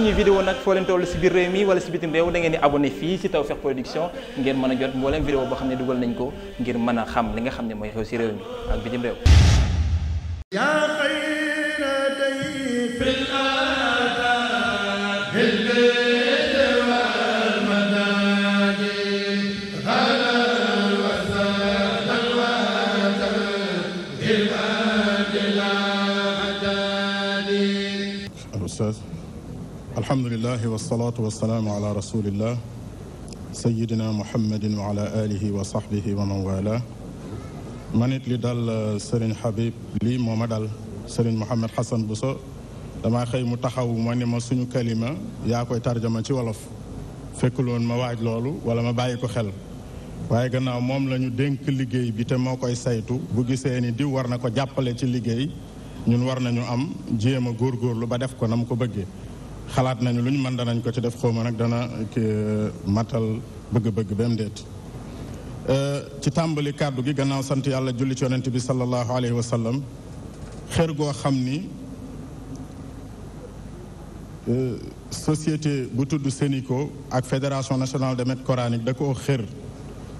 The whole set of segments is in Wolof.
suñu vidéo nag foo leen toll si biir réew mi wala si bitim réew da ngeen di abonné fii si Tawfekh Production ngeen mën a jot mboolem vidéo boo xam ne dugal nañ ko ngir mën a xam li nga xam ne mooy xew réew mi ak bitim réew yaa xayra alhamdulilah wasalaatu wasalaamu ala rasulillah sayidina muhammadin wa ala alihi wa sahbihi wa man wala man it li dal uh, Serigne Habib lii moo ma dal Serigne Mouhamed Hassan Bousso dama xëy mu taxaw ma ni ma suñu kalima yaa koy tarjama ci wolof fekkuloon ma waaj loolu wala ma bàyyi ko xel waaye gannaaw moom lañu ñu dénk liggéey bi te moo koy saytu bu gisee ni diw war na ko jàppale ci liggéey ñun war nañu am jéem a lu ba def ko na mu ko bëggee xalaat nañu lu ñu mën danañ ko ci def xaw ma nag dana euh, matal bëgg-bëgg ba mu déet euh, ci tàmbali kàddu gi gannaaw sant yàlla julli ci yonent bi sallallahu alayhi wa sallam xër goo xam ni euh, société bu tudd séniko ak fédération nationale des maîtres coraniques da koo xër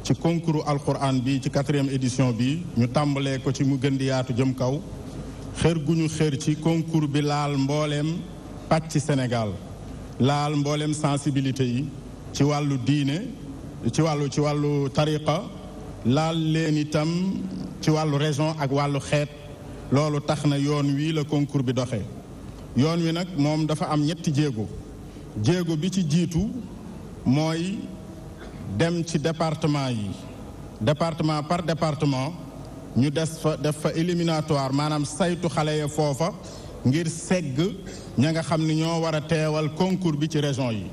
ci concours alquran bi ci quatrième édition bi ñu tàmbalee ko ci mu gën di yaatu jëm kaw xër gu ñu xër ci concours bi laal mbooleem pàcc Sénégal laal mboolem sensibilité yi ci wàllu diine ci wàllu ci wàllu tariqa laal leen itam ci wàllu région ak wàllu xeet loolu tax na yoon wi la concours bi doxee yoon wi nag moom dafa am ñetti jéego jéego bi ci jiitu mooy dem ci département yi département par département ñu des fa def fa éliminatoire maanaam saytu xale yi foofa ngir segg ña nga xam ni ñoo war a teewal concours bi ci région yi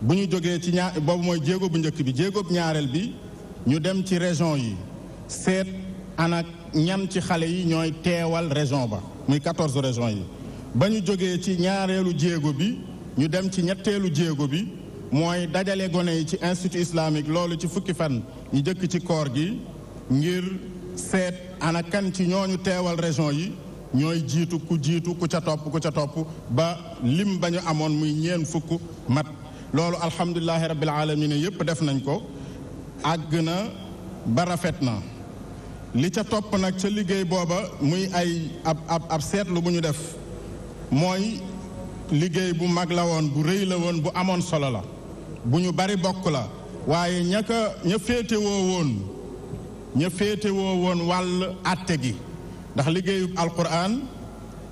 bu ñu jógee ci ñaar boobu mooy jéego bu njëkk bi jéego bu ñaareel bi ñu dem ci région yi seet ana ñam ci xale yi ñooy teewal région ba muy 14 régions yi ba ñu jógee ci ñaareelu jéego bi ñu dem ci ñetteelu jéego bi mooy dajale gone yi ci institut islamique loolu ci fukki fan ñu jëkk ci koor gi ngir seet ana kan ci ñooñu teewal région yi ñooy jiitu ku jiitu ku ca topp ku ca topp ba lim ba ñu amoon muy ñeen fukk mat loolu alhamdulilahi rabbil alamina yëpp def nañ ko àgg na ba rafet na li ca topp nag ca liggéey booba muy ay ab ab ab seetlu bu ñu def mooy liggéey bu mag la woon bu rëy la woon bu amoon solo la bu ñu bari bokk la waaye ña ka ña féetewoo woon ña féetewoo woon wàll àtte gi ndax liggéeyub alquran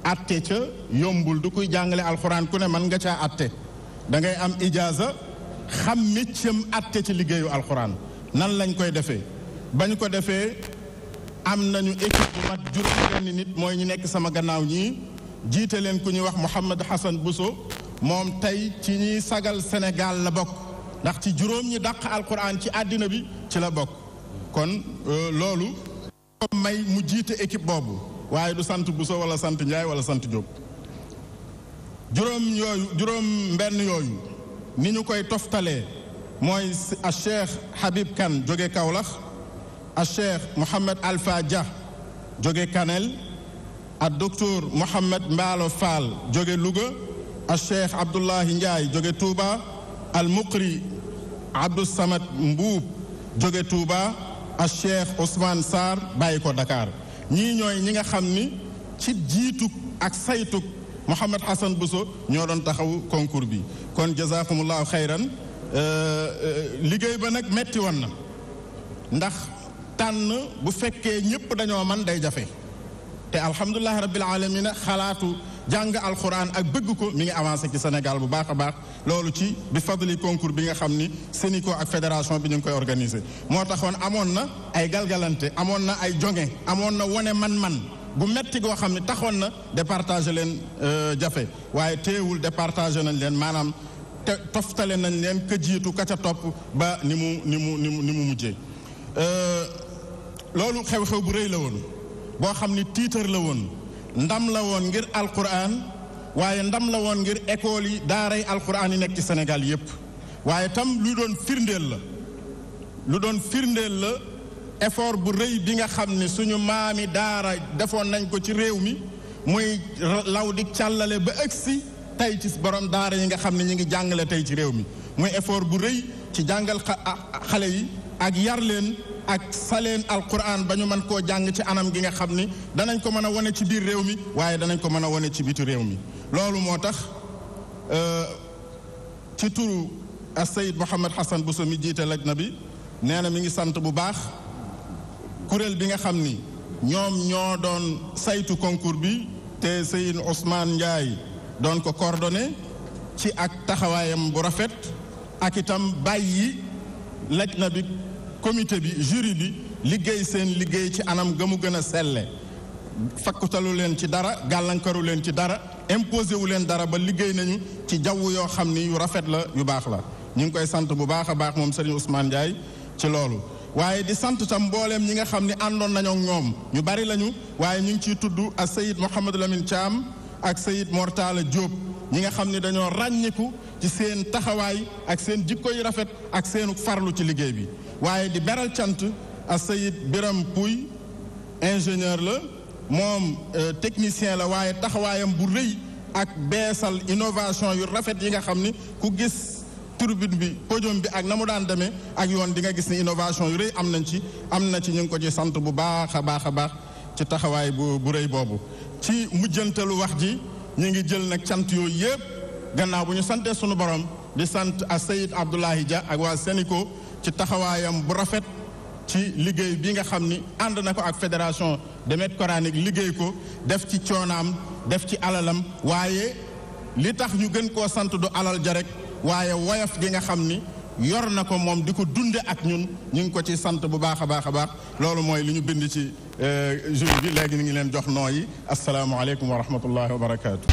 atte ca yombul du kuy jàngale alxuraan ku ne man nga caa atte da ngay am ijaaza xam méccam atte ci liggéeyu alxuraan nan lañ koy defee bañ ko defee am nañu équipe bu mat juróom-benn nit mooy ñu nekk sama gannaaw ñii jiite leen ku ñuy wax Mouhamed Hassan Bousso moom tey ci ñuy sagal Sénégal la bokk ndax ci juróom ñi dàq alquran ci àddina bi ci la bokk kon euh, loolu may mu jiite équipe boobu waaye du sant Bousso wala sant njaay wala sant Diop juróom yooyu juróom mbenn yooyu ni ñu koy toftalee mooy a Cheikh Habib Kane jóge Kaolack a Cheikh Mouhamed Alpha Dia jóge Kanel a docteur Mouhamed Mbaalo Fall jóge Louga a Cheikh Abdoulahi Ndiaye jóge Touba al Muqri Abdou Samad Mbuub jóge Touba ak Cheikh Ousmane Sarr bàyyi ko dakaar ñii ñooy ñi nga xam ni ci jiitug ak saytug Mouhamed Hassan Bousso ñoo doon taxaw concours bi kon jazakumullahu xayran euh, euh, liggéey ba nag metti woon na ndax tànn bu fekkee ñëpp dañoo man day jafe te alhamdulilah rabbil alamina xalaatu jàng alxuraan ak bëgg ko mu ngi avancé ci Sénégal bu baax a baax loolu ci bi fadli concours bi nga xam ni Sénico ak fédération bi ñu ngi koy organisé moo taxoon amoon na ay galgalante amoon na ay jonge amoon na wone man-man bu metti goo xam ne taxoon na départagé leen euh, jafe waaye teewul départagé nañ leen maanaam te toftale nañ leen ka jiitu ka ca topp ba ni mu ni mu ni mu ni mu mujjee euh, loolu xew-xew bu rëy la woon boo xam ni tiitar la woon ndam la woon ngir alquran waaye ndam la woon ngir école yi daaray alquran yi nekk ci senegal yépp waaye tam lu doon firndeel la lu doon firndeel la effort bu rëy bi nga xam ne suñu maami daara defoon nañ ko ci réew mi muy law di càllale ba ëgsi tey ci borom daara yi nga xam ne ñu ngi jàngale tey ci réew mi muy effort bu rëy ci jàngal xale yi ak yar leen ak faleen alquran ba ñu mën koo jàng ci anam gi nga xam ni danañ ko mën a wane ci biir réew mi waaye danañ ko mën a wane ci biti réew mi loolu moo tax euh, ci turu a Sayid Mouhamed Hassan Bousso mi jiite laj na bi nee na mi ngi sant bu baax kuréel bi nga xam ni ñoom ñoo doon saytu concours bi te Sayid Ousmane Ndiaye doon ko coordonné ci ak taxawaayam bu rafet ak itam bàyyi laj na bi comité bi juri bi liggéey seen liggéey ci anam ga mu gën a selle fakkutalu leen ci dara gàllankaru leen ci dara imposé wu leen dara ba liggéey nañu ci jaww yoo xam ni yu rafet la yu baax la ñu ngi koy sant bu baax a baax moom Serigne Ousmane Ndiaye ci loolu waaye di sant tam mbooleem ñi nga xam ne àndoon nañoo ñoom ñu bari lañu waaye ñu ngi ciy tudd ak Seyid Mouhamadou Lamine caam ak Seyid Mortala jóob ñi nga xam ne dañoo ràññiku ci seen taxawaay ak seen jikko yu rafet ak seenu farlu ci liggéey bi waaye di beral cant a Sayid Biram Pouy ingénieur la moom euh, technicien la waaye taxawaayam bu rëy ak beesal innovation yu rafet yi nga xam ni ku gis turbine bi podium bi ak na mu daan demee ak yoon di nga gis ni innovation yu rëy am nañ ci am na ci ñu ngi ko ci sant bu baax a baax a baax ci taxawaay bu rëy boobu ci mujjantalu wax ji ñu ngi jël nag cant yooyu yëpp gannaaw bu ñu santee suñu borom di sant a Sayid Abdoulahi Dia ak waa Sénico ci taxawaayam bu rafet ci liggéey bi nga xam ni ànd na ko ak fédération des maîtres coraniques liggéey ko def ci coonaam def ci alalam waaye li tax ñu gën koo sant du alal ja rek waaye woyof gi nga xam ni yor na ko moom di ko dunde ak ñun ñu ngi ko ci sant bu baax a baax a baax loolu mooy li ñu bind ci euh, jur bi léegi ñu ngi leen jox noo yi asalaamualeykum wa rahmatullahi wa barakaatu.